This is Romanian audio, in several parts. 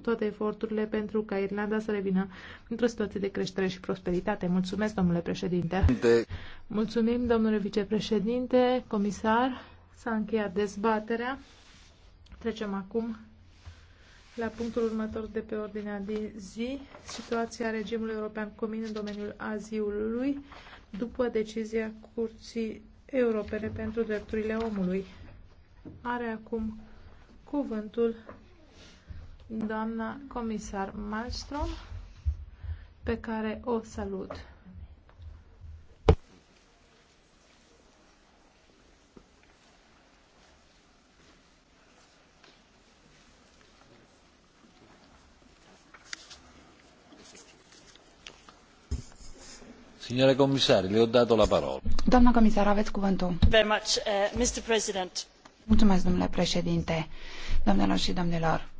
toate eforturile pentru ca Irlanda să revină într-o situație de creștere și prosperitate. Mulțumesc, domnule președinte. De... Mulțumim, domnule vicepreședinte, comisar. S-a încheiat dezbaterea. Trecem acum la punctul următor de pe ordinea de zi, situația regimului european comun în domeniul aziului după decizia Curții Europene pentru Drepturile Omului. Are acum cuvântul doamna comisar Malmström, pe care o salut. Signora comisario, le ho dato la parola. Doamna comisar, aveți cuvântul. Very much, uh, Mr. President. Mulțumesc, domnule președinte, doamnelor și domnilor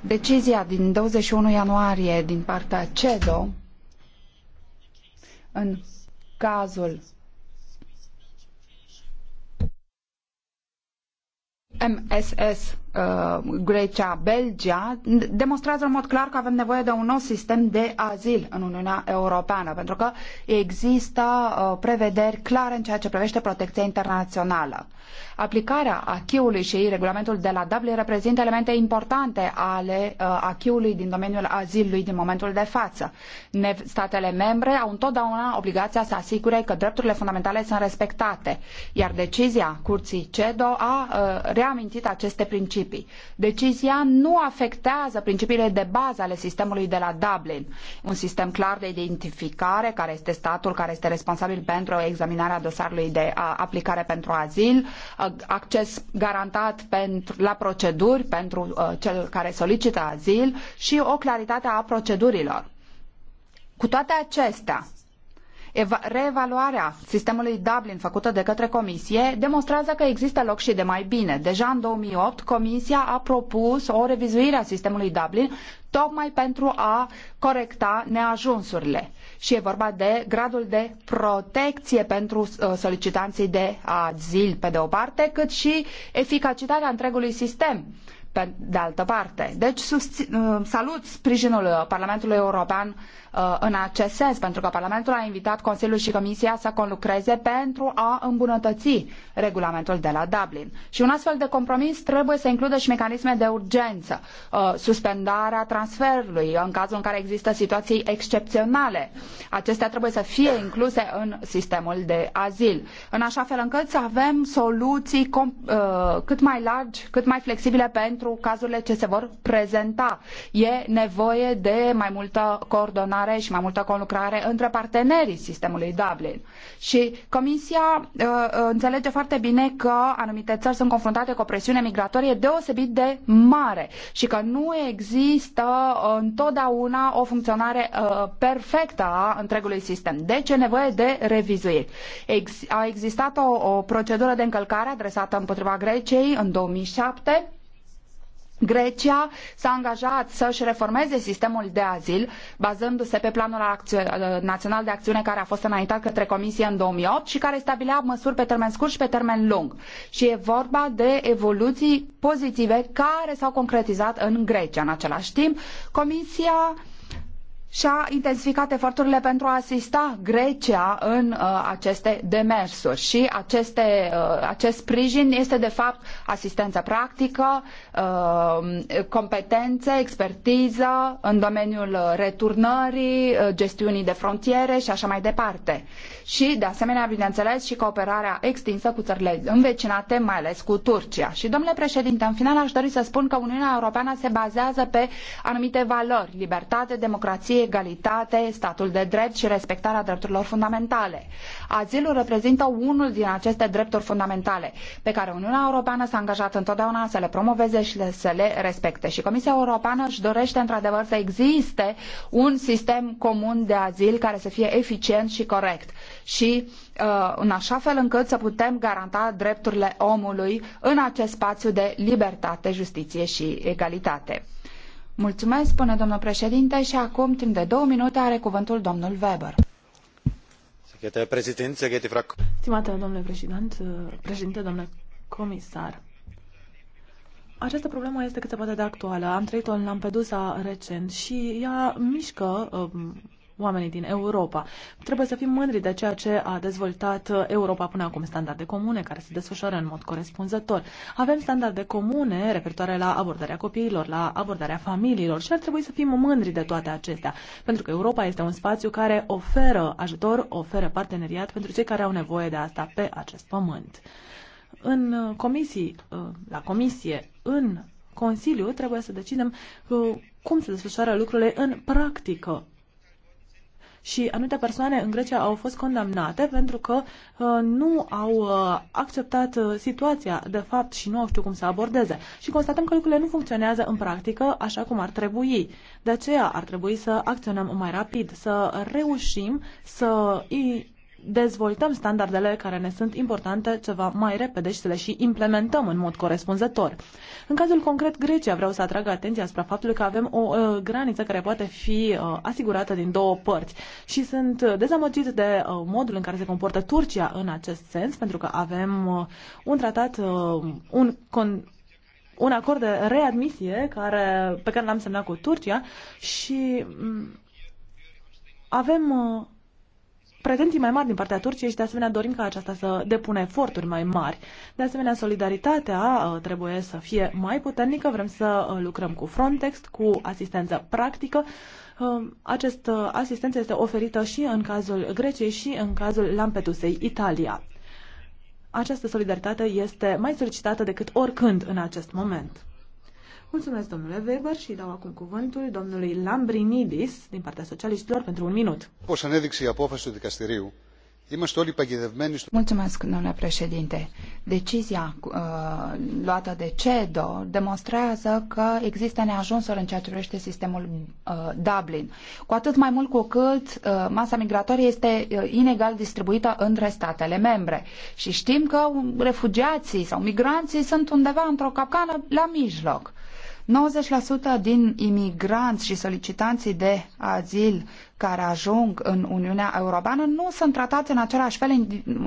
Decizia din 21 ianuarie din partea CEDO în cazul MSS uh, Grecia, Belgia, demonstrează în mod clar că avem nevoie de un nou sistem de azil în Uniunea Europeană, pentru că există uh, prevederi clare în ceea ce privește protecția internațională. Aplicarea achiului și regulamentul de la Dublin reprezintă elemente importante ale uh, achiului din domeniul azilului din momentul de față. Statele membre au întotdeauna obligația să asigure că drepturile fundamentale sunt respectate, iar decizia Curții CEDO a uh, reamintit aceste principii. Decizia nu afectează principiile de bază ale sistemului de la Dublin, un sistem clar de identificare, care este statul care este responsabil pentru examinarea dosarului de aplicare pentru azil, acces garantat pentru, la proceduri pentru cel care solicită azil și o claritate a procedurilor. Cu toate acestea, reevaluarea sistemului Dublin făcută de către Comisie demonstrează că există loc și de mai bine. Deja în 2008, Comisia a propus o revizuire a sistemului Dublin tocmai pentru a corecta neajunsurile. Și e vorba de gradul de protecție pentru uh, solicitanții de azil, pe de o parte, cât și eficacitatea întregului sistem pe de altă parte. Deci uh, salut sprijinul Parlamentului European Uh, în acest sens, pentru că Parlamentul a invitat Consiliul și Comisia să conlucreze pentru a îmbunătăți regulamentul de la Dublin. Și un astfel de compromis trebuie să includă și mecanisme de urgență, uh, suspendarea transferului în cazul în care există situații excepționale. Acestea trebuie să fie incluse în sistemul de azil, în așa fel încât să avem soluții uh, cât mai largi, cât mai flexibile pentru cazurile ce se vor prezenta. E nevoie de mai multă coordonare colaborare și mai multă conlucrare între partenerii sistemului Dublin. Și Comisia uh, uh, înțelege foarte bine că anumite țări sunt confruntate cu o presiune migratorie deosebit de mare și că nu există uh, întotdeauna o funcționare uh, perfectă a întregului sistem. Deci e nevoie de revizuiri. Ex- a existat o, o procedură de încălcare adresată împotriva Greciei în 2007 Grecia s-a angajat să-și reformeze sistemul de azil, bazându-se pe planul național de acțiune care a fost înaintat către Comisie în 2008 și care stabilea măsuri pe termen scurt și pe termen lung. Și e vorba de evoluții pozitive care s-au concretizat în Grecia. În același timp, Comisia și-a intensificat eforturile pentru a asista Grecia în uh, aceste demersuri și aceste, uh, acest sprijin este de fapt asistență practică, uh, competențe, expertiză în domeniul returnării, uh, gestiunii de frontiere și așa mai departe. Și de asemenea, bineînțeles, și cooperarea extinsă cu țările învecinate, mai ales cu Turcia. Și domnule președinte, în final aș dori să spun că Uniunea Europeană se bazează pe anumite valori, libertate, democrație, egalitate, statul de drept și respectarea drepturilor fundamentale. Azilul reprezintă unul din aceste drepturi fundamentale pe care Uniunea Europeană s-a angajat întotdeauna să le promoveze și să le respecte. Și Comisia Europeană își dorește într-adevăr să existe un sistem comun de azil care să fie eficient și corect și uh, în așa fel încât să putem garanta drepturile omului în acest spațiu de libertate, justiție și egalitate. Mulțumesc, spune domnul președinte, și acum, timp de două minute, are cuvântul domnul Weber. Stimate domnule președinte, președinte, domnule comisar, această problemă este cât se poate de actuală. Am trăit-o în Lampedusa recent și ea mișcă um, oamenii din Europa. Trebuie să fim mândri de ceea ce a dezvoltat uh, Europa până acum, standarde comune care se desfășoară în mod corespunzător. Avem standarde comune referitoare la abordarea copiilor, la abordarea familiilor și ar trebui să fim mândri de toate acestea, pentru că Europa este un spațiu care oferă ajutor, oferă parteneriat pentru cei care au nevoie de asta pe acest pământ. În uh, comisii, uh, la comisie, în Consiliu trebuie să decidem cum se desfășoară lucrurile în practică și anumite persoane în Grecia au fost condamnate pentru că uh, nu au uh, acceptat uh, situația de fapt și nu au știut cum să abordeze. Și constatăm că lucrurile nu funcționează în practică așa cum ar trebui. De aceea ar trebui să acționăm mai rapid, să reușim să îi dezvoltăm standardele care ne sunt importante ceva mai repede și să le și implementăm în mod corespunzător. În cazul concret Grecia vreau să atrag atenția asupra faptului că avem o uh, graniță care poate fi uh, asigurată din două părți și sunt uh, dezamăgit de uh, modul în care se comportă Turcia în acest sens pentru că avem uh, un tratat, uh, un con- un acord de readmisie care, pe care l-am semnat cu Turcia și mm, avem uh, pretenții mai mari din partea Turciei și de asemenea dorim ca aceasta să depună eforturi mai mari. De asemenea, solidaritatea uh, trebuie să fie mai puternică, vrem să uh, lucrăm cu Frontex, cu asistență practică. Uh, această asistență este oferită și în cazul Greciei și în cazul Lampedusei, Italia. Această solidaritate este mai solicitată decât oricând în acest moment. Mulțumesc, domnule Weber, și dau acum cuvântul domnului Lambrinidis, din partea socialiștilor, pentru un minut. Πώς ανέδειξε η απόφαση του δικαστηρίου, Είμαστε Mulțumesc, domnule președinte. Decizia uh, luată de CEDO demonstrează că există neajunsuri în ceea ce privește sistemul uh, Dublin. Cu atât mai mult cu cât uh, masa migratorie este uh, inegal distribuită între statele membre. Și știm că refugiații sau migranții sunt undeva într-o capcană la mijloc. 90% din imigranți și solicitanții de azil care ajung în Uniunea Europeană nu sunt tratați în același fel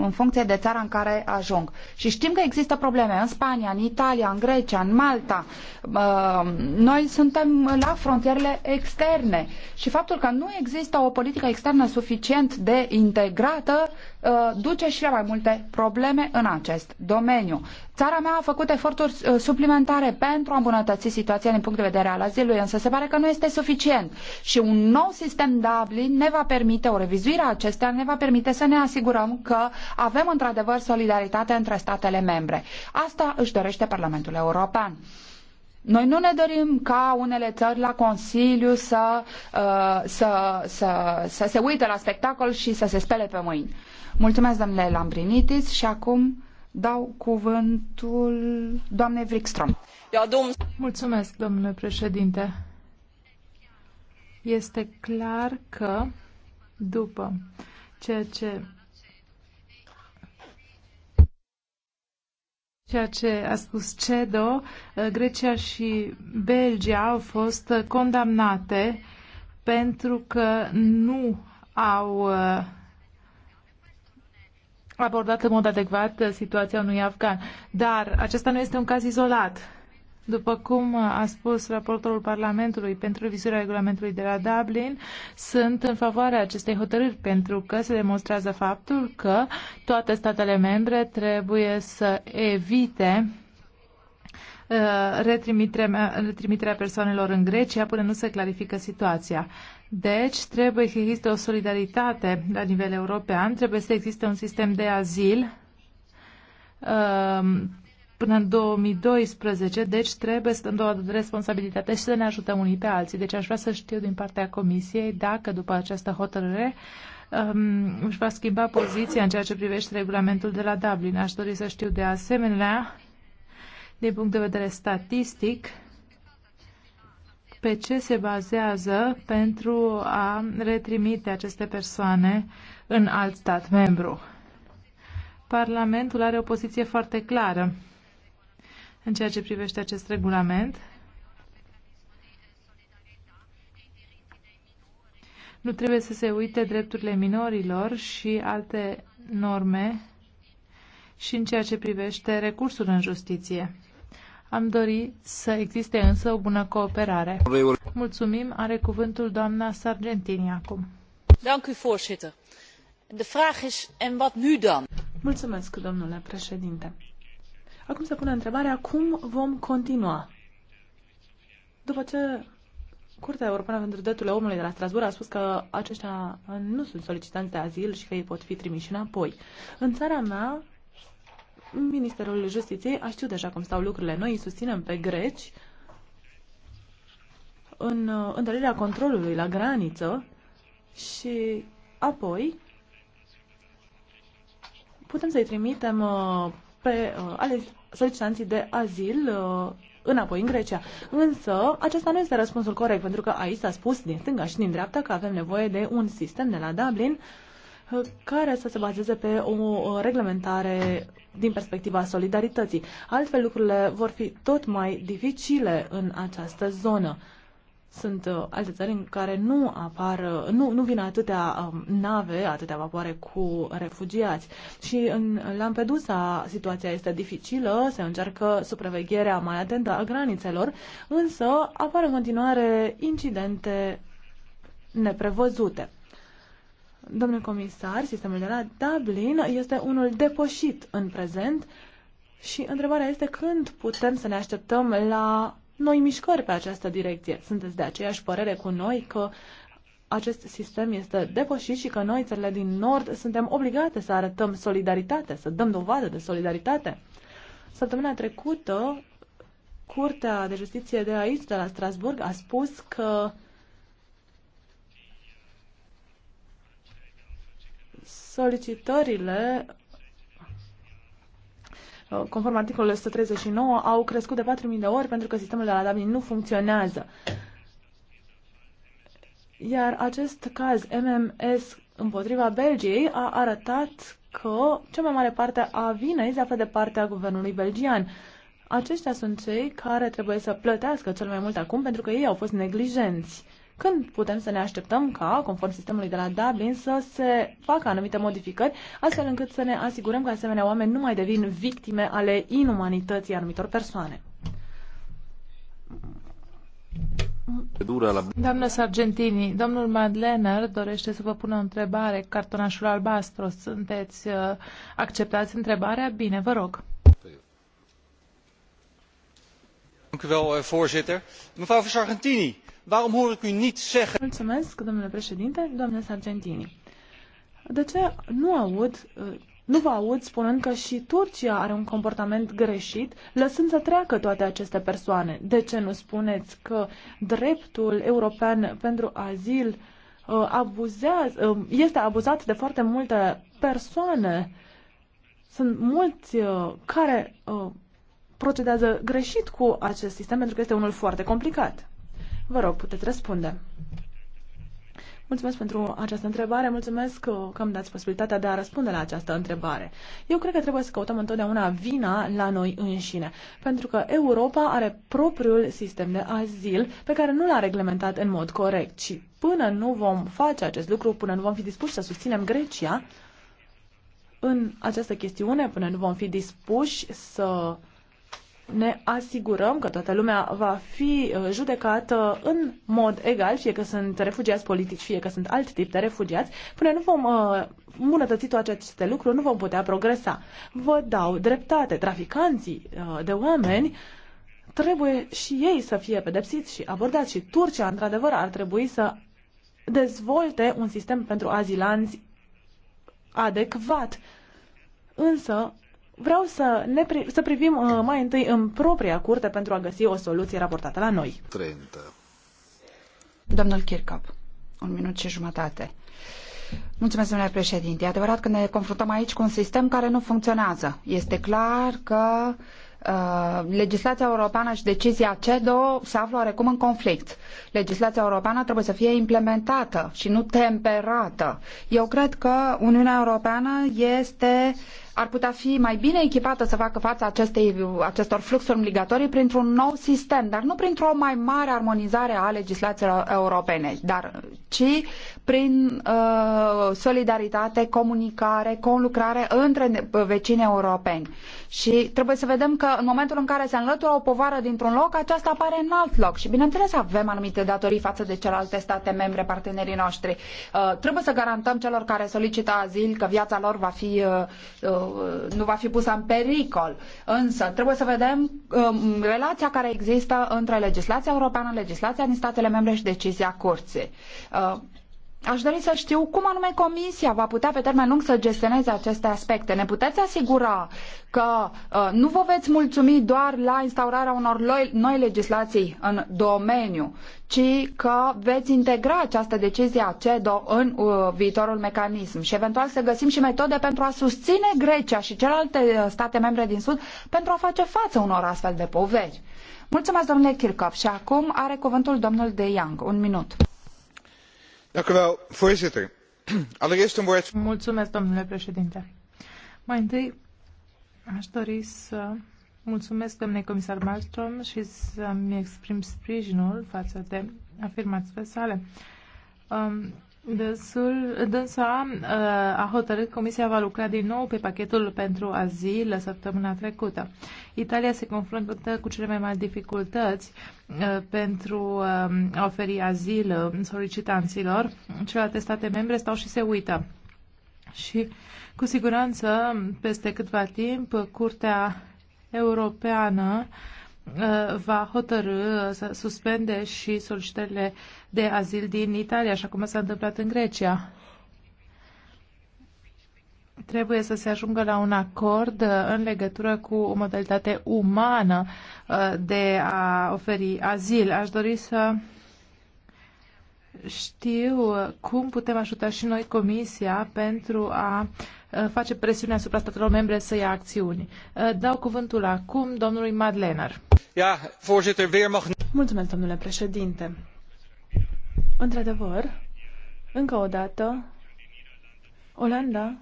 în funcție de țara în care ajung. Și știm că există probleme în Spania, în Italia, în Grecia, în Malta. Uh, noi suntem la frontierele externe și faptul că nu există o politică externă suficient de integrată uh, duce și la mai multe probleme în acest domeniu. Țara mea a făcut eforturi uh, suplimentare pentru a îmbunătăți situația din punct de vedere al azilului, însă se pare că nu este suficient. Și un nou sistem de probabil ne va permite, o revizuire a acestea ne va permite să ne asigurăm că avem într-adevăr solidaritate între statele membre. Asta își dorește Parlamentul European. Noi nu ne dorim ca unele țări la Consiliu să, uh, să, să, să se uite la spectacol și să se spele pe mâini. Mulțumesc, domnule Lambrinitis, și acum dau cuvântul doamnei Wikström. Mulțumesc, domnule președinte. Este clar că după ceea ce ceea ce a spus CEDO, uh, Grecia și Belgia au fost condamnate pentru că nu au uh, abordat în mod adecvat uh, situația unui afgan. Dar acesta nu este un caz izolat. După cum a spus raportorul Parlamentului pentru revizuirea regulamentului de la Dublin, sunt în favoarea acestei hotărâri pentru că se demonstrează faptul că toate statele membre trebuie să evite retrimiterea, uh, retrimiterea persoanelor în Grecia până nu se clarifică situația. Deci trebuie să existe o solidaritate la nivel european, trebuie să existe un sistem de azil uh, până în 2012, deci trebuie să dăm o responsabilitate și să ne ajutăm unii pe alții. Deci aș vrea să știu din partea Comisiei dacă după această hotărâre um, își va schimba poziția în ceea ce privește regulamentul de la Dublin. Aș dori să știu de asemenea, din punct de vedere statistic, pe ce se bazează pentru a retrimite aceste persoane în alt stat membru. Parlamentul are o poziție foarte clară în ceea ce privește acest regulament. Nu trebuie să se uite drepturile minorilor și alte norme și în ceea ce privește recursul în justiție. Am dori să existe însă o bună cooperare. Mulțumim. Are cuvântul doamna Sargentini acum. Mulțumesc, domnule președinte. Acum se pune întrebarea cum vom continua. După ce Curtea Europeană pentru Drepturile Omului de la Strasbourg a spus că aceștia nu sunt solicitanți de azil și că ei pot fi trimiși înapoi. În țara mea, Ministerul Justiției a știut deja cum stau lucrurile. Noi îi susținem pe greci în uh, întărirea controlului la graniță și apoi putem să-i trimitem uh, pe uh, solicitanții de azil uh, înapoi în Grecia. Însă, acesta nu este răspunsul corect, pentru că aici s-a spus din stânga și din dreapta că avem nevoie de un sistem de la Dublin uh, care să se bazeze pe o reglementare din perspectiva solidarității. Altfel, lucrurile vor fi tot mai dificile în această zonă. Sunt uh, alte țări în care nu apar, nu, nu vin atâtea uh, nave, atâtea vapoare cu refugiați. Și în Lampedusa situația este dificilă, se încearcă supravegherea mai atentă a granițelor, însă apar în continuare incidente neprevăzute. Domnule comisar, sistemul de la Dublin este unul depășit în prezent și întrebarea este când putem să ne așteptăm la noi mișcări pe această direcție. Sunteți de aceeași părere cu noi că acest sistem este depășit și că noi, țările din Nord, suntem obligate să arătăm solidaritate, să dăm dovadă de solidaritate. Săptămâna trecută, Curtea de Justiție de aici, de la Strasburg, a spus că solicitările Uh, conform articolului 139, au crescut de 4.000 de ori pentru că sistemul de la Dublin nu funcționează. Iar acest caz MMS împotriva Belgiei a arătat că cea mai mare parte a vinei se află de partea guvernului belgian. Aceștia sunt cei care trebuie să plătească cel mai mult acum pentru că ei au fost neglijenți. Când putem să ne așteptăm ca, conform sistemului de la Dublin, să se facă anumite modificări, astfel încât să ne asigurăm că asemenea oameni nu mai devin victime ale inumanității anumitor persoane? Doamna Sargentini, domnul Madlener dorește să vă pună o întrebare. Cartonașul albastru, sunteți, uh, acceptați întrebarea? Bine, vă rog. Dank u wel, eh, voorzitter. Mevrouw Sargentini, Waarom hoor ik u niet zeggen... Mulțumesc, domnule președinte, Sargentini. De ce nu aud uh, nu vă aud spunând că și Turcia are un comportament greșit, lăsând să treacă toate aceste persoane. De ce nu spuneți că dreptul european pentru azil uh, abuzează, uh, este abuzat de foarte multe persoane? Sunt mulți care procedează greșit cu acest sistem pentru că este unul foarte complicat. Vă rog, puteți răspunde. Mulțumesc pentru această întrebare, mulțumesc uh, că îmi dați posibilitatea de a răspunde la această întrebare. Eu cred că trebuie să căutăm întotdeauna vina la noi înșine, pentru că Europa are propriul sistem de azil pe care nu l-a reglementat în mod corect și până nu vom face acest lucru, până nu vom fi dispuși să susținem Grecia în această chestiune, până nu vom fi dispuși să ne asigurăm că toată lumea va fi uh, judecată în mod egal, fie că sunt refugiați politici, fie că sunt alt tip de refugiați, până nu vom uh, îmbunătăți toate aceste lucruri, nu vom putea progresa. Vă dau dreptate, traficanții uh, de oameni trebuie și ei să fie pedepsiți și abordați și Turcia, într-adevăr, ar trebui să dezvolte un sistem pentru azilanți adecvat. Însă, vreau să, ne pri- să privim uh, mai întâi în propria curte pentru a găsi o soluție raportată la noi. 30. Domnul Kirchhoff, un minut și jumătate. Mulțumesc, domnule președinte. E adevărat că ne confruntăm aici cu un sistem care nu funcționează. Este clar că Uh, legislația europeană și decizia CEDO se află oarecum în conflict. Legislația europeană trebuie să fie implementată și nu temperată. Eu cred că Uniunea Europeană este ar putea fi mai bine echipată să facă față acestei, acestor fluxuri obligatorii printr-un nou sistem, dar nu printr-o mai mare armonizare a legislațiilor europene, dar, ci prin uh, solidaritate, comunicare, conlucrare între vecini europeni. Și trebuie să vedem că în momentul în care se înlătură o povară dintr-un loc, aceasta apare în alt loc. Și bineînțeles avem anumite datorii față de celelalte state membre, partenerii noștri. Uh, trebuie să garantăm celor care solicită azil că viața lor va fi, uh, uh, nu va fi pusă în pericol. Însă trebuie să vedem uh, relația care există între legislația europeană, legislația din statele membre și decizia curții. Uh, Aș dori să știu cum anume Comisia va putea pe termen lung să gestioneze aceste aspecte. Ne puteți asigura că uh, nu vă veți mulțumi doar la instaurarea unor noi legislații în domeniu, ci că veți integra această decizie a CEDO în uh, viitorul mecanism și eventual să găsim și metode pentru a susține Grecia și celelalte uh, state membre din Sud pentru a face față unor astfel de poveri. Mulțumesc, domnule Kirchhoff. Și acum are cuvântul domnul De Young. Un minut mulțumesc domnule președinte mai întâi a dori să mulțumesc domnului comisar Malmström și să îmi exprim sprijinul față de afirmaiile sale. Um, Dânsul, dânsa uh, a hotărât Comisia va lucra din nou pe pachetul pentru azil săptămâna trecută. Italia se confruntă cu cele mai mari dificultăți uh, pentru um, a oferi azil um, solicitanților. Celelalte state membre stau și se uită. Și cu siguranță, peste câtva timp, Curtea Europeană uh, Uh, va hotărâ uh, să suspende și solicitările de azil din Italia, așa cum s-a întâmplat în Grecia. Trebuie să se ajungă la un acord uh, în legătură cu o modalitate umană de a oferi azil. Aș dori să știu cum putem ajuta și noi Comisia pentru a face presiune asupra statelor membre să ia acțiuni. Dau cuvântul acum domnului Madlener. Ja, voorzitter, weer mag... Mulțumesc, domnule președinte. Într-adevăr, încă o dată, Olanda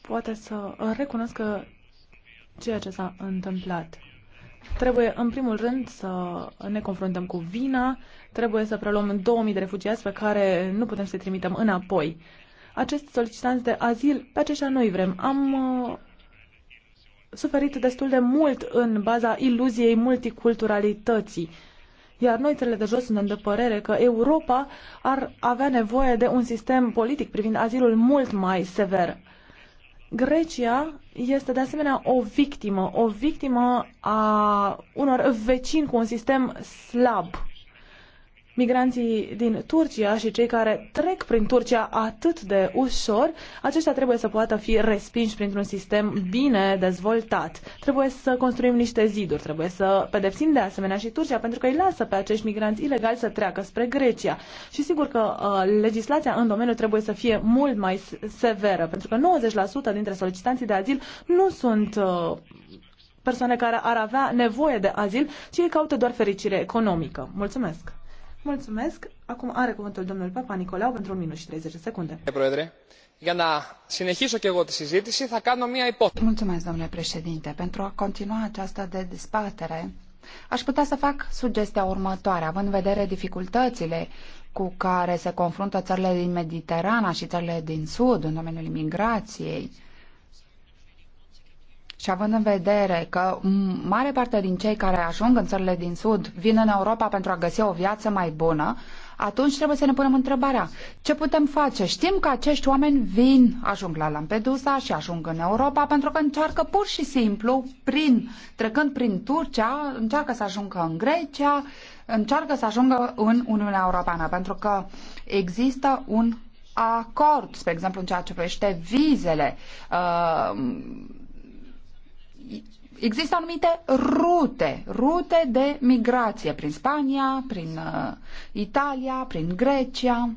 poate să recunoască ceea ce s-a întâmplat. Trebuie, în primul rând, să ne confruntăm cu vina, Trebuie să preluăm 2000 de refugiați pe care nu putem să-i trimitem înapoi. Acești solicitanți de azil, pe aceștia noi vrem. Am uh, suferit destul de mult în baza iluziei multiculturalității. Iar noi, țările de jos, suntem de părere că Europa ar avea nevoie de un sistem politic privind azilul mult mai sever. Grecia este de asemenea o victimă, o victimă a unor vecini cu un sistem slab migranții din Turcia și cei care trec prin Turcia atât de ușor, aceștia trebuie să poată fi respinși printr-un sistem bine dezvoltat. Trebuie să construim niște ziduri, trebuie să pedepsim de asemenea și Turcia, pentru că îi lasă pe acești migranți ilegali să treacă spre Grecia. Și sigur că uh, legislația în domeniu trebuie să fie mult mai severă, pentru că 90% dintre solicitanții de azil nu sunt uh, persoane care ar avea nevoie de azil, ci ei caută doar fericire economică. Mulțumesc! Mulțumesc. Acum are cuvântul domnul Papa Nicolau pentru 1 minut și 30 secunde. Mulțumesc, domnule președinte. Pentru a continua această dezbatere, aș putea să fac sugestia următoare, având în vedere dificultățile cu care se confruntă țările din Mediterana și țările din Sud în domeniul imigrației, și având în vedere că mare parte din cei care ajung în țările din Sud vin în Europa pentru a găsi o viață mai bună, atunci trebuie să ne punem întrebarea, ce putem face? Știm că acești oameni vin, ajung la Lampedusa și ajung în Europa pentru că încearcă pur și simplu, prin, trecând prin Turcia, încearcă să ajungă în Grecia, încearcă să ajungă în Uniunea Europeană, pentru că există un acord, spre exemplu, în ceea ce privește vizele. Uh, există anumite rute, rute de migrație prin Spania, prin uh, Italia, prin Grecia.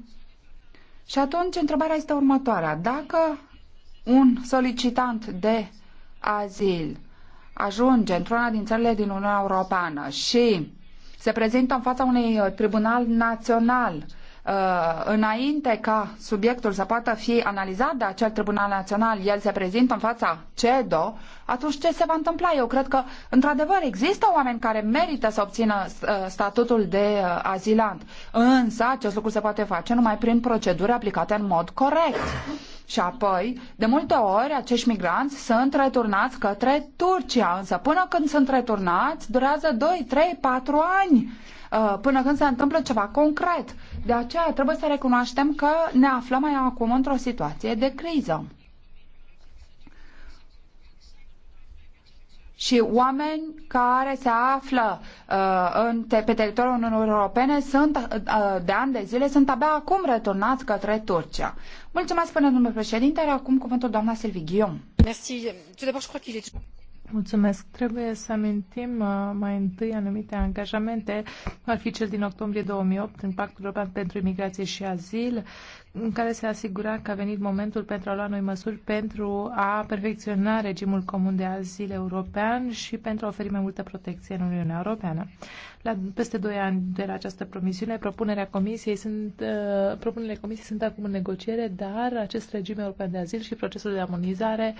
Și atunci întrebarea este următoarea. Dacă un solicitant de azil ajunge într-una din țările din Uniunea Europeană și se prezintă în fața unui uh, tribunal național Uh, înainte ca subiectul să poată fi analizat de acel Tribunal Național, el se prezintă în fața CEDO, atunci ce se va întâmpla? Eu cred că, într-adevăr, există oameni care merită să obțină uh, statutul de uh, azilant, însă acest lucru se poate face numai prin proceduri aplicate în mod corect. Și apoi, de multe ori, acești migranți sunt returnați către Turcia, însă până când sunt returnați, durează 2, 3, 4 ani Uh, până când se întâmplă ceva concret. De aceea trebuie să recunoaștem că ne aflăm mai acum într-o situație de criză. și oameni care se află uh, în te, pe teritoriul Uniunii Europene sunt uh, de ani de zile, sunt abia acum returnați către Turcia. Mulțumesc, până domnule președinte, are acum cuvântul doamna Sylvie Guillaume. Merci. Mulțumesc. Trebuie să amintim uh, mai întâi anumite angajamente, ar fi cel din octombrie 2008 în Pactul European pentru Imigrație și Azil, în care se asigura că a venit momentul pentru a lua noi măsuri pentru a perfecționa regimul comun de azil european și pentru a oferi mai multă protecție în Uniunea Europeană. La peste doi ani de la această promisiune, propunerea comisiei sunt, uh, propunerile comisiei sunt acum în negociere, dar acest regim european de azil și procesul de armonizare uh,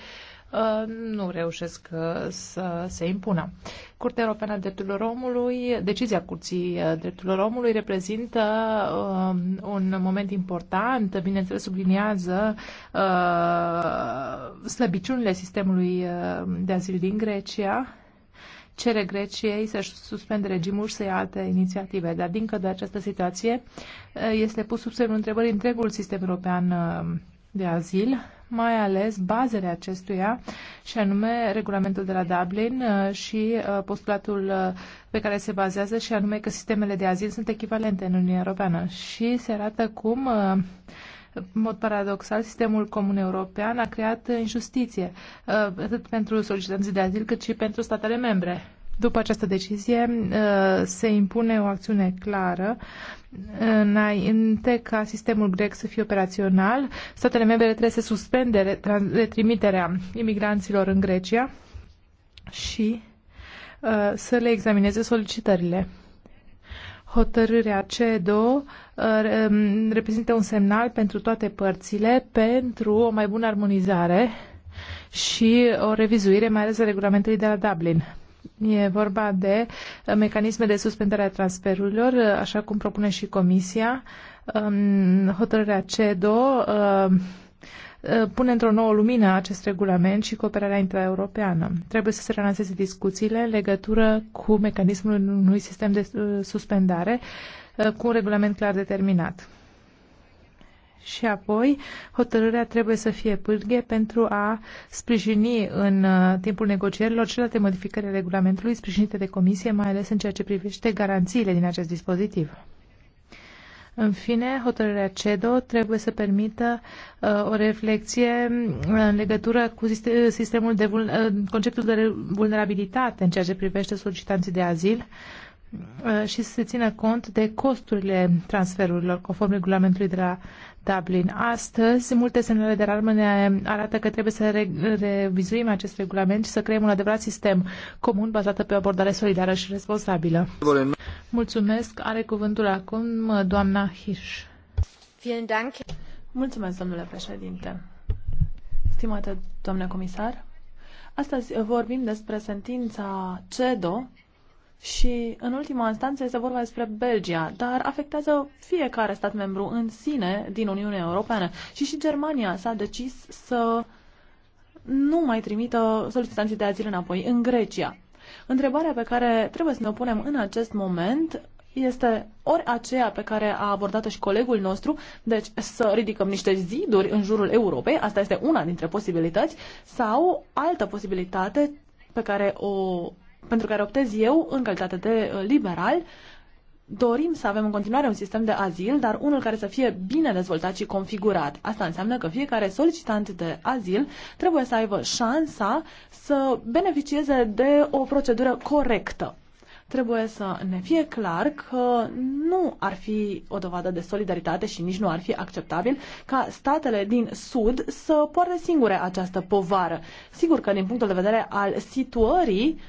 Uh, nu reușesc uh, să se impună. Curtea Europeană a Drepturilor Omului, decizia Curții uh, Drepturilor Omului reprezintă un moment important, bineînțeles subliniază slăbiciunile sistemului de azil din Grecia, cere Greciei să-și suspende regimul și să ia alte inițiative. Dar dincă de această situație, este pus sub semnul întrebării întregul sistem european de azil, mai ales bazele acestuia, și anume regulamentul de la Dublin uh, și uh, postulatul uh, pe care se bazează, și anume că sistemele de azil sunt echivalente în Uniunea Europeană. Și se arată cum în mod paradoxal, sistemul comun european a creat injustiție, atât pentru solicitanții de azil, cât și pentru statele membre. După această decizie uh, se impune o acțiune clară uh, înainte ca sistemul grec să fie operațional. Statele membre trebuie să suspende retrimiterea imigranților în Grecia și uh, să le examineze solicitările. Hotărârea C2 um, reprezintă un semnal pentru toate părțile pentru o mai bună armonizare și o revizuire, mai ales a regulamentului de la Dublin. E vorba de uh, mecanisme de suspendare a transferurilor, uh, așa cum propune și Comisia. Um, hotărârea CEDO uh, pune într-o nouă lumină acest regulament și cooperarea intraeuropeană. Trebuie să se relanseze discuțiile în legătură cu mecanismul unui sistem de suspendare cu un regulament clar determinat și apoi hotărârea trebuie să fie pârghe pentru a sprijini în uh, timpul negocierilor celelalte modificări regulamentului sprijinite de comisie, mai ales în ceea ce privește garanțiile din acest dispozitiv. În fine, hotărârea CEDO trebuie să permită uh, o reflexie uh, în legătură cu uh, sistemul de uh, conceptul de vulnerabilitate în ceea ce privește solicitanții de azil uh, și să se țină cont de costurile transferurilor conform regulamentului de la uh, Dublin. Astăzi, multe semnale de alarmă ne arată că trebuie să re- revizuim acest regulament și să creăm un adevărat sistem comun bazat pe o abordare solidară și responsabilă. Mulțumesc. Are cuvântul acum uh, doamna Hirsch. Mulțumesc, domnule președinte. Stimată doamnă comisar, astăzi vorbim despre sentința CEDO și, în ultima instanță, este vorba despre Belgia, dar afectează fiecare stat membru în sine din Uniunea Europeană. Și și Germania s-a decis să nu mai trimită solicitanții de azil înapoi în Grecia. Întrebarea pe care trebuie să ne punem în acest moment este ori aceea pe care a abordat-o și colegul nostru, deci să ridicăm niște ziduri în jurul Europei, asta este una dintre posibilități, sau altă posibilitate pe care o pentru care optez eu în calitate de uh, liberal, dorim să avem în continuare un sistem de azil, dar unul care să fie bine dezvoltat și configurat. Asta înseamnă că fiecare solicitant de azil trebuie să aibă șansa să beneficieze de o procedură corectă. Trebuie să ne fie clar că nu ar fi o dovadă de solidaritate și nici nu ar fi acceptabil ca statele din Sud să poarte singure această povară. Sigur că din punctul de vedere al situării, uh,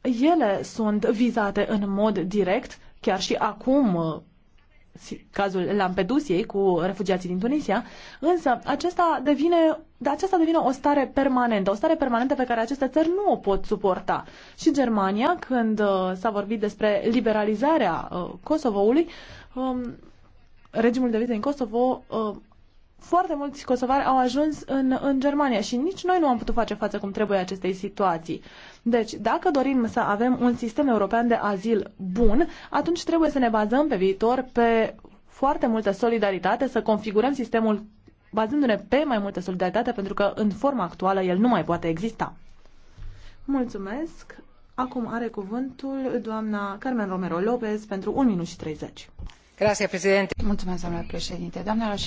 ele sunt vizate în mod direct, chiar și acum cazul Lampedusiei cu refugiații din Tunisia, însă acesta devine, aceasta devine o stare permanentă, o stare permanentă pe care aceste țări nu o pot suporta. Și Germania, când uh, s-a vorbit despre liberalizarea uh, Kosovoului, um, regimul de vize în Kosovo uh, foarte mulți kosovari au ajuns în, în Germania și nici noi nu am putut face față cum trebuie acestei situații. Deci, dacă dorim să avem un sistem european de azil bun, atunci trebuie să ne bazăm pe viitor pe foarte multă solidaritate, să configurăm sistemul bazându-ne pe mai multă solidaritate, pentru că în forma actuală el nu mai poate exista. Mulțumesc! Acum are cuvântul doamna Carmen Romero Lopez pentru 1 minut și 30. Mulțumesc, domnule președinte.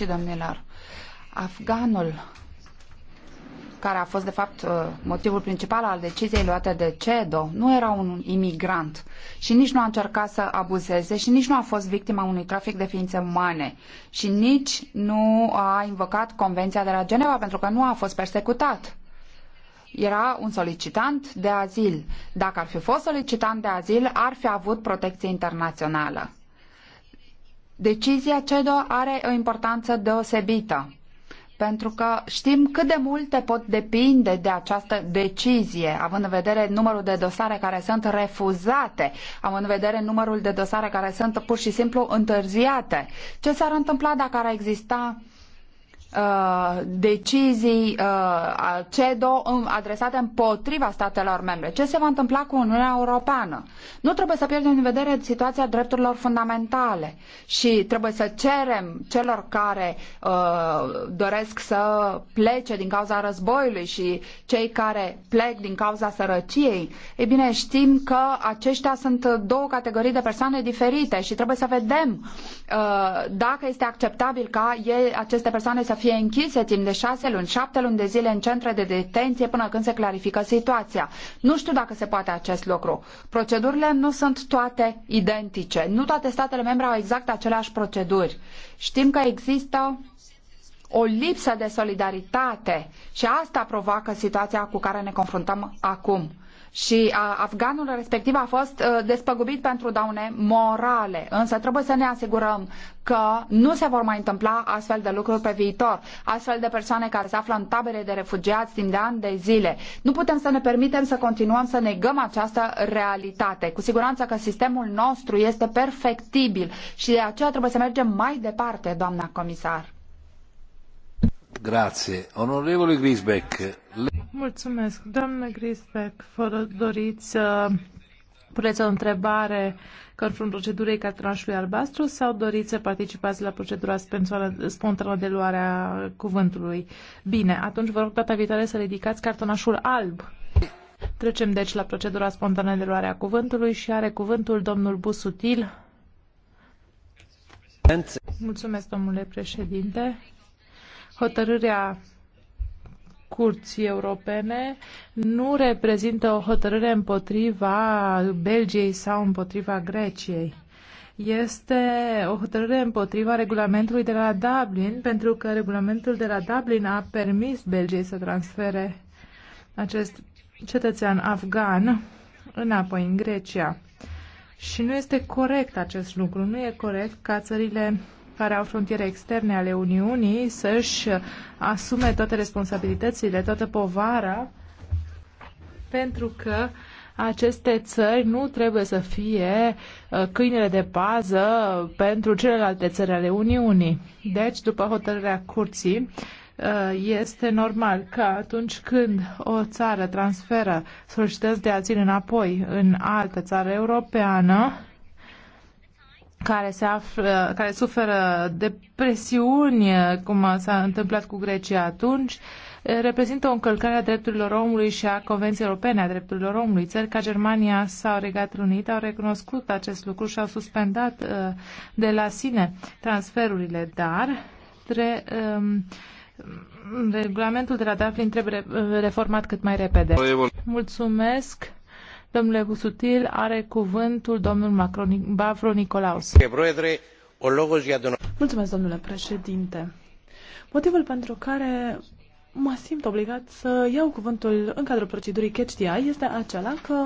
domnilor, afganul care a fost de fapt uh, motivul principal al deciziei luate de CEDO, nu era un imigrant și nici nu a încercat să abuzeze și nici nu a fost victima unui trafic de ființe umane și nici nu a invocat Convenția de la Geneva pentru că nu a fost persecutat. Era un solicitant de azil. Dacă ar fi fost solicitant de azil, ar fi avut protecție internațională. Decizia CEDO are o importanță deosebită pentru că știm cât de multe pot depinde de această decizie, având în vedere numărul de dosare care sunt refuzate, având în vedere numărul de dosare care sunt pur și simplu întârziate. Ce s-ar întâmpla dacă ar exista Uh, decizii uh, CEDO adresate împotriva statelor membre. Ce se va întâmpla cu Uniunea Europeană? Nu trebuie să pierdem în vedere situația drepturilor fundamentale și trebuie să cerem celor care uh, doresc să plece din cauza războiului și cei care plec din cauza sărăciei. Ei bine, știm că aceștia sunt două categorii de persoane diferite și trebuie să vedem uh, dacă este acceptabil ca ei, aceste persoane să fie fie închise timp de șase luni, șapte luni de zile în centre de detenție până când se clarifică situația. Nu știu dacă se poate acest lucru. Procedurile nu sunt toate identice. Nu toate statele membre au exact aceleași proceduri. Știm că există o lipsă de solidaritate și asta provoacă situația cu care ne confruntăm acum și afganul respectiv a fost uh, despăgubit pentru daune morale. Însă trebuie să ne asigurăm că nu se vor mai întâmpla astfel de lucruri pe viitor, astfel de persoane care se află în tabere de refugiați timp de ani de zile. Nu putem să ne permitem să continuăm să negăm această realitate. Cu siguranță că sistemul nostru este perfectibil și de aceea trebuie să mergem mai departe, doamna comisar. Grazie. Onorevole Grisbeck. Mulțumesc. Doamnă Grisbeck, fără doriți să puneți o întrebare conform procedurii cartonașului albastru sau doriți să participați la procedura spontană de luare a cuvântului? Bine, atunci vă rog data viitoare să ridicați cartonașul alb. Trecem deci la procedura spontană de luare a cuvântului și are cuvântul domnul Busutil. Mulțumesc, domnule președinte. Hotărârea Curții Europene nu reprezintă o hotărâre împotriva Belgiei sau împotriva Greciei. Este o hotărâre împotriva regulamentului de la Dublin, pentru că regulamentul de la Dublin a permis Belgiei să transfere acest cetățean afgan înapoi în Grecia. Și nu este corect acest lucru. Nu e corect ca țările care au frontiere externe ale Uniunii să-și asume toate responsabilitățile, toată povara, pentru că aceste țări nu trebuie să fie uh, câinele de pază pentru celelalte țări ale Uniunii. Deci, după hotărârea curții, uh, este normal că atunci când o țară transferă solicități de a ține înapoi în altă țară europeană, care, se află, care suferă depresiuni, eh, cum s-a întâmplat cu Grecia atunci, eh, reprezintă o încălcare a drepturilor omului și a Convenției Europene a Drepturilor Omului. Țări ca Germania sau Regatul Unit au recunoscut acest lucru și au suspendat eh, de la sine transferurile, dar tre, um, regulamentul de la Dublin trebuie reformat cât mai repede. Mulțumesc! Domnule Busutil, are cuvântul domnul Bavro Nicolaus. Mulțumesc, domnule președinte. Motivul pentru care mă simt obligat să iau cuvântul în cadrul procedurii CHTI este acela că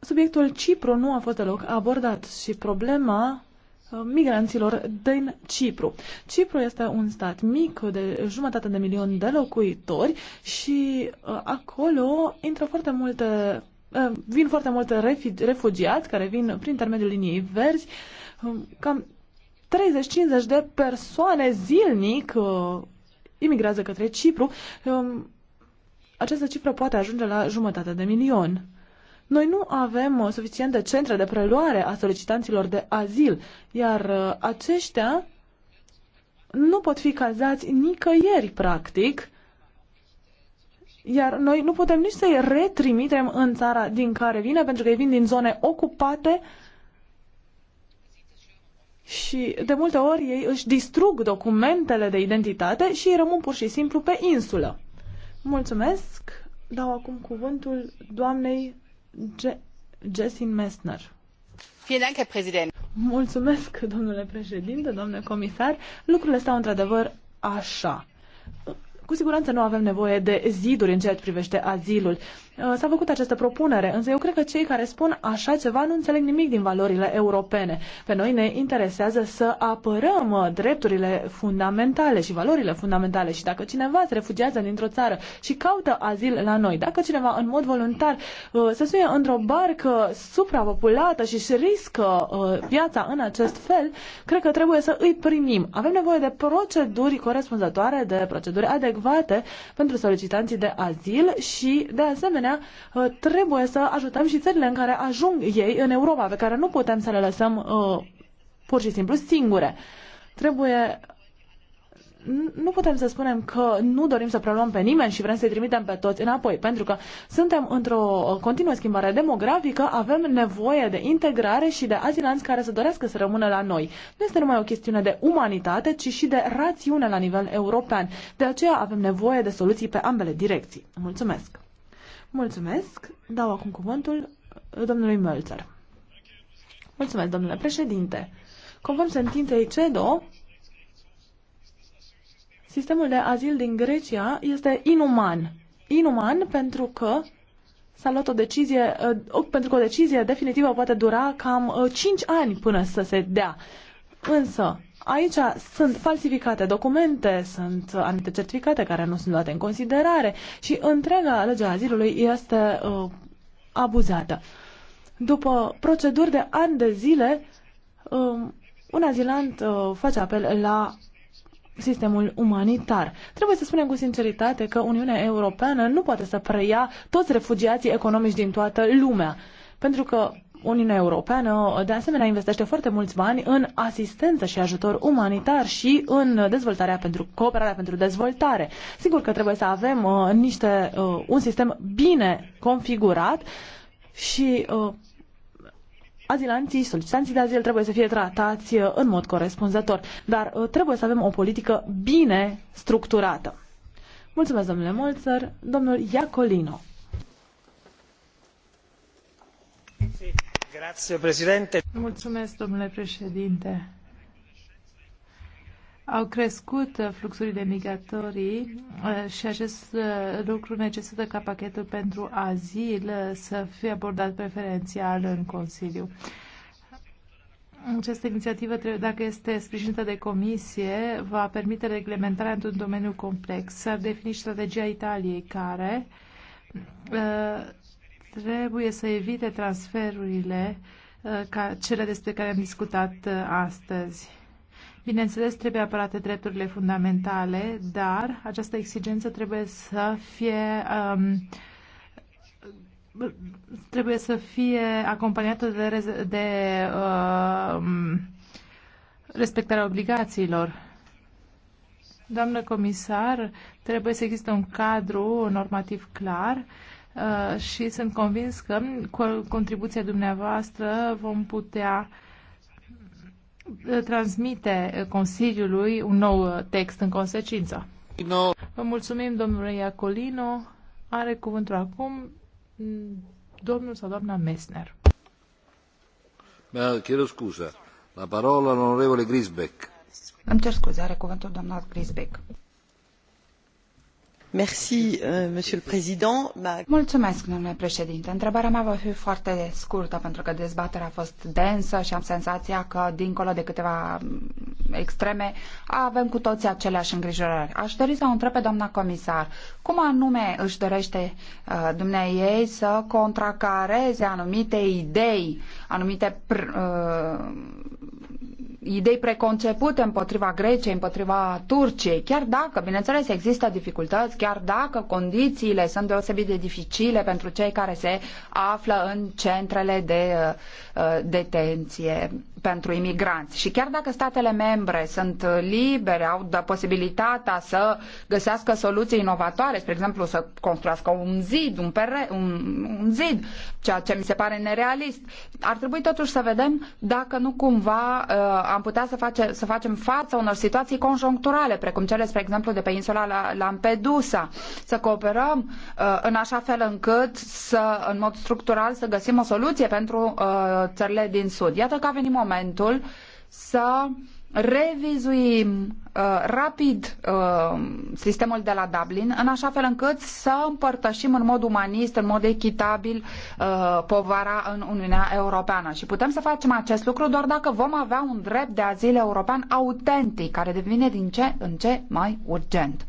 subiectul Cipru nu a fost deloc abordat și problema Uh, migranților din Cipru. Cipru este un stat mic de jumătate de milion de locuitori și uh, acolo intră foarte multe uh, vin foarte multe refugiați care vin prin intermediul liniei verzi, cam 30-50 de persoane zilnic imigrează către Cipru. Această cifră poate ajunge la jumătate de milion. Noi nu avem uh, suficiente centre de preluare a solicitanților de azil, iar uh, aceștia nu pot fi cazați nicăieri, practic, iar noi nu putem nici să-i retrimitem în țara din care vine, pentru că ei vin din zone ocupate și de multe ori ei își distrug documentele de identitate și îi rămân pur și simplu pe insulă. Mulțumesc! Dau acum cuvântul doamnei Mulțumesc, domnule președinte, domnule comisar. Lucrurile stau într-adevăr așa. Cu siguranță nu avem nevoie de ziduri în ceea ce privește azilul, Uh, s-a făcut această propunere, însă eu cred că cei care spun așa ceva nu înțeleg nimic din valorile europene. Pe noi ne interesează să apărăm uh, drepturile fundamentale și valorile fundamentale și dacă cineva se refugiază dintr-o țară și caută azil la noi, dacă cineva în mod voluntar uh, se suie într-o barcă suprapopulată și își riscă viața în acest fel, cred că trebuie să îi primim. Avem nevoie de proceduri corespunzătoare, de proceduri adecvate pentru solicitanții de azil și, de asemenea, asemenea, uh, trebuie să ajutăm și țările în care ajung ei în Europa, pe care nu putem să le lăsăm uh, pur și simplu singure. Trebuie nu putem să spunem că nu dorim să preluăm pe nimeni și vrem să-i trimitem pe toți înapoi, pentru că suntem într-o uh, continuă schimbare demografică, avem nevoie de integrare și de azilanți care să dorească să rămână la noi. Nu este numai o chestiune de umanitate, ci și de rațiune la nivel european. De aceea avem nevoie de soluții pe ambele direcții. Mulțumesc! Mulțumesc. Dau acum cuvântul uh, domnului Mölzer. Mulțumesc, domnule președinte. Conform sentinței CEDO, sistemul de azil din Grecia este inuman. Inuman pentru că s-a luat o decizie, uh, pentru că o decizie definitivă poate dura cam 5 uh, ani până să se dea. Însă, Aici sunt falsificate documente, sunt anumite certificate care nu sunt luate în considerare și întreaga lege a azilului este uh, abuzată. După proceduri de ani de zile, uh, un azilant uh, face apel la sistemul umanitar. Trebuie să spunem cu sinceritate că Uniunea Europeană nu poate să preia toți refugiații economici din toată lumea, pentru că Uniunea Europeană, de asemenea, investește foarte mulți bani în asistență și ajutor umanitar și în dezvoltarea pentru cooperarea pentru dezvoltare. Sigur că trebuie să avem uh, niște, uh, un sistem bine configurat și uh, azilanții, solicitanții de azil trebuie să fie tratați uh, în mod corespunzător, dar uh, trebuie să avem o politică bine structurată. Mulțumesc, domnule Molzer. Domnul Iacolino. Mulțumesc, domnule președinte. Au crescut fluxurile migratorii eh, și acest eh, lucru necesită ca pachetul pentru azil eh, să fie abordat preferențial în Consiliu. Această inițiativă, dacă este sprijinită de comisie, va permite reglementarea într-un domeniu complex. S-ar defini strategia Italiei, care trebuie să evite transferurile uh, ca cele despre care am discutat uh, astăzi. Bineînțeles, trebuie apărate drepturile fundamentale, dar această exigență trebuie să fie um, trebuie să fie acompaniată de, de uh, respectarea obligațiilor. Doamnă comisar, trebuie să existe un cadru normativ clar uh, Uh, și sunt convins că cu contribuția dumneavoastră vom putea uh, transmite Consiliului un nou uh, text în consecință. No. Vă mulțumim, domnule Iacolino. Are cuvântul acum domnul sau doamna Messner. Cer scuză. La parola onorevole Grisbeck. Îmi cer scuze, are cuvântul doamna Grisbeck. Euh, Mulțumesc, domnule președinte. Întrebarea mea va fi foarte scurtă, pentru că dezbaterea a fost densă și am senzația că, dincolo de câteva mm, extreme, avem cu toții aceleași îngrijorări. Aș dori să o întreb pe doamna comisar, cum anume își dorește uh, ei să contracareze anumite idei, anumite pr- uh, idei preconcepute împotriva Greciei, împotriva Turciei, chiar dacă, bineînțeles, există dificultăți, chiar dacă condițiile sunt deosebit de dificile pentru cei care se află în centrele de uh, uh detenție pentru imigranți. Și chiar dacă statele membre sunt libere, au de posibilitatea să găsească soluții inovatoare, spre exemplu să construiască un zid, un, pere, un, un zid, ceea ce mi se pare nerealist, ar trebui totuși să vedem dacă nu cumva uh, am putea să, face, să facem față unor situații conjuncturale, precum cele, spre exemplu, de pe insula Lampedusa, să cooperăm uh, în așa fel încât să, în mod structural, să găsim o soluție pentru uh, țările din Sud. Iată că a venit momentul să revizuim uh, rapid uh, sistemul de la Dublin, în așa fel încât să împărtășim în mod umanist, în mod echitabil uh, povara în Uniunea Europeană. Și putem să facem acest lucru doar dacă vom avea un drept de azil european autentic, care devine din ce în ce mai urgent.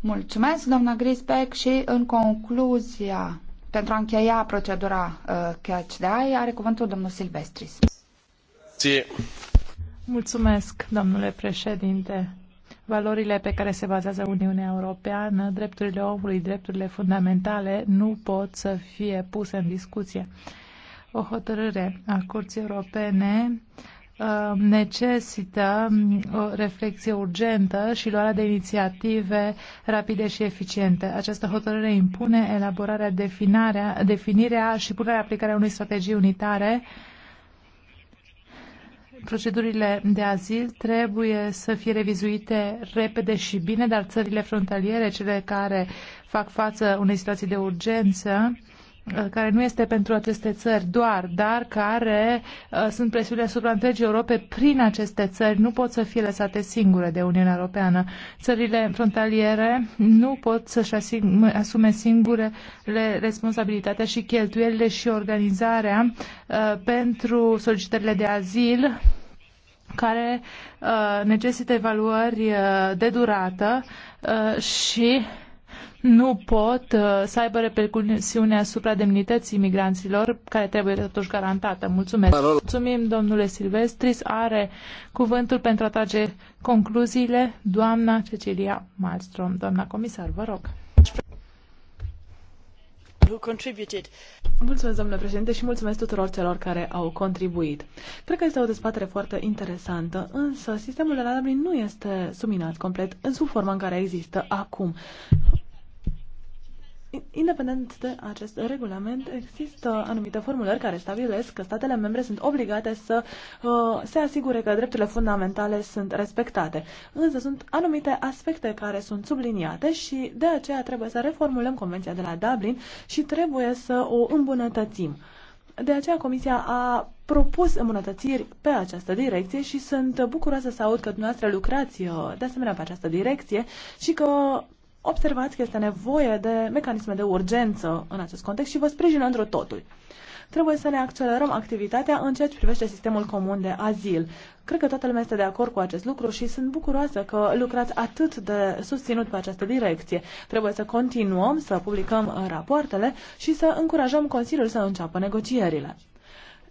Mulțumesc, doamna Grisbeck, și în concluzia, pentru a încheia procedura uh, catch de aia, are cuvântul domnul Silvestris domnule președinte. Valorile pe care se bazează Uniunea Europeană, drepturile omului, drepturile fundamentale, nu pot să fie puse în discuție. O hotărâre a Curții Europene uh, necesită o uh, reflexie urgentă și luarea de inițiative rapide și eficiente. Această hotărâre impune elaborarea, definirea și punerea aplicarea unei strategii unitare uh, procedurile de azil trebuie să fie revizuite repede și bine, dar țările frontaliere, cele care fac față unei situații de urgență, Uh, care nu este pentru aceste țări doar, dar care uh, sunt presiune asupra întregii Europe prin aceste țări, nu pot să fie lăsate singure de Uniunea Europeană. Țările frontaliere nu pot să-și asume singure responsabilitatea și cheltuielile și organizarea uh, pentru solicitările de azil care necesită evaluări de durată și nu pot uh, să aibă repercusiune asupra demnității migranților, care trebuie totuși garantată. Mulțumesc. Mulțumim, domnule Silvestris. Are cuvântul pentru a trage concluziile doamna Cecilia Malmström. Doamna comisar, vă rog. Mulțumesc, domnule președinte, și mulțumesc tuturor celor care au contribuit. Cred că este o dezbatere foarte interesantă, însă sistemul de la Dublin nu este suminat complet în sub forma în care există acum. Independent de acest regulament, există anumite formulări care stabilesc că statele membre sunt obligate să uh, se asigure că drepturile fundamentale sunt respectate. Însă sunt anumite aspecte care sunt subliniate și de aceea trebuie să reformulăm Convenția de la Dublin și trebuie să o îmbunătățim. De aceea Comisia a propus îmbunătățiri pe această direcție și sunt bucuroasă să aud că dumneavoastră lucrați uh, de asemenea pe această direcție și că observați că este nevoie de mecanisme de urgență în acest context și vă sprijină într totul. Trebuie să ne accelerăm activitatea în ceea ce privește sistemul comun de azil. Cred că toată lumea este de acord cu acest lucru și sunt bucuroasă că lucrați atât de susținut pe această direcție. Trebuie să continuăm să publicăm uh, rapoartele și să încurajăm Consiliul să înceapă negocierile.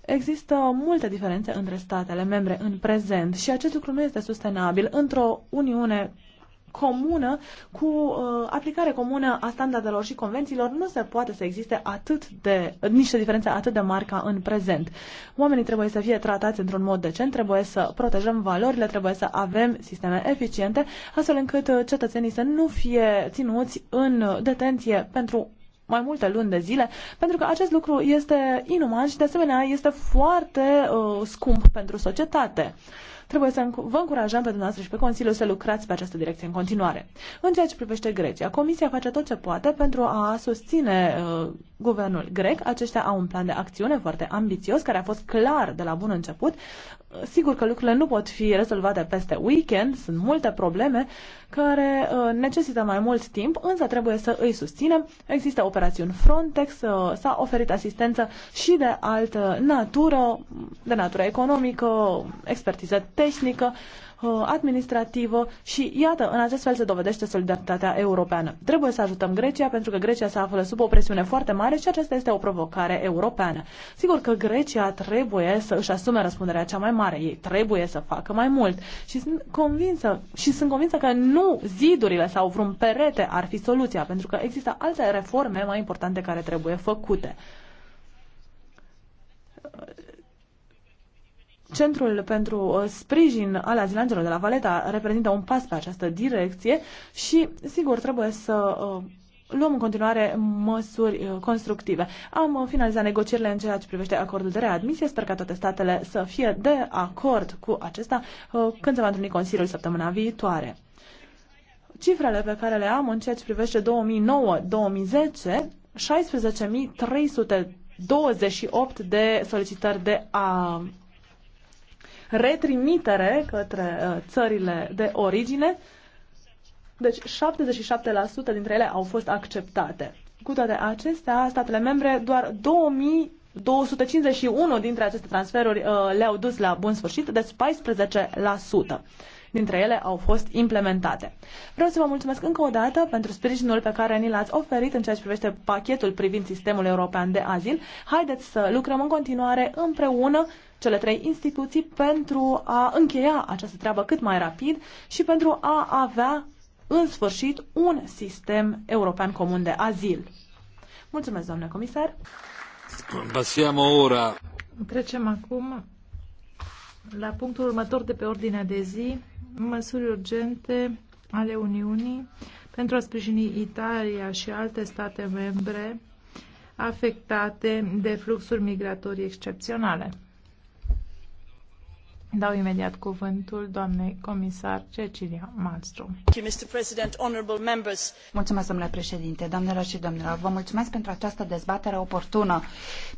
Există multe diferențe între statele membre în prezent și acest lucru nu este sustenabil într-o Uniune comună cu uh, aplicare comună a standardelor și convențiilor, nu se poate să existe atât de, niște diferențe atât de mari ca în prezent. Oamenii trebuie să fie tratați într-un mod decent, trebuie să protejăm valorile, trebuie să avem sisteme eficiente, astfel încât uh, cetățenii să nu fie ținuți în detenție pentru mai multe luni de zile, pentru că acest lucru este inuman și, de asemenea, este foarte uh, scump pentru societate. Trebuie să vă încurajăm pe dumneavoastră și pe Consiliu să lucrați pe această direcție în continuare. În ceea ce privește Grecia, Comisia face tot ce poate pentru a susține uh, guvernul grec. Aceștia au un plan de acțiune foarte ambițios, care a fost clar de la bun început. Uh, sigur că lucrurile nu pot fi rezolvate peste weekend, sunt multe probleme care uh, necesită mai mult timp, însă trebuie să îi susținem. Există operațiuni Frontex, uh, s-a oferit asistență și de altă natură, de natură economică, expertiză tehnică, uh, administrativă și iată, în acest fel se dovedește solidaritatea europeană. Trebuie să ajutăm Grecia pentru că Grecia se află sub o presiune foarte mare și aceasta este o provocare europeană. Sigur că Grecia trebuie să își asume răspunderea cea mai mare, ei trebuie să facă mai mult și sunt convinsă, și sunt convinsă că nu zidurile sau vreun perete ar fi soluția, pentru că există alte reforme mai importante care trebuie făcute Centrul pentru uh, sprijin al azilanților de la Valeta reprezintă un pas pe această direcție și, sigur, trebuie să uh, luăm în continuare măsuri uh, constructive. Am finalizat negocierile în ceea ce privește acordul de readmisie. Sper ca toate statele să fie de acord cu acesta când se va întâlni Consiliul săptămâna viitoare. Cifrele pe care le am în ceea ce privește 2009-2010, 28 de solicitări de a retrimitere către uh, țările de origine. Deci 77% dintre ele au fost acceptate. Cu toate acestea, statele membre doar 2.251 dintre aceste transferuri uh, le-au dus la bun sfârșit, deci 14% dintre ele au fost implementate. Vreau să vă mulțumesc încă o dată pentru sprijinul pe care ni l-ați oferit în ceea ce privește pachetul privind sistemul european de azil. Haideți să lucrăm în continuare împreună cele trei instituții pentru a încheia această treabă cât mai rapid și pentru a avea în sfârșit un sistem european comun de azil. Mulțumesc, doamne comisar. Pasiamo ora. Trecem acum la punctul următor de pe ordinea de zi măsuri urgente ale Uniunii pentru a sprijini Italia și alte state membre afectate de fluxuri migratorii excepționale. Dau imediat cuvântul doamnei comisar Cecilia Malmström. Mulțumesc, domnule președinte, doamnelor și domnilor. Vă mulțumesc pentru această dezbatere oportună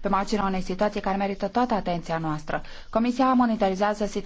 pe marginea unei situații care merită toată atenția noastră. Comisia monitorizează situația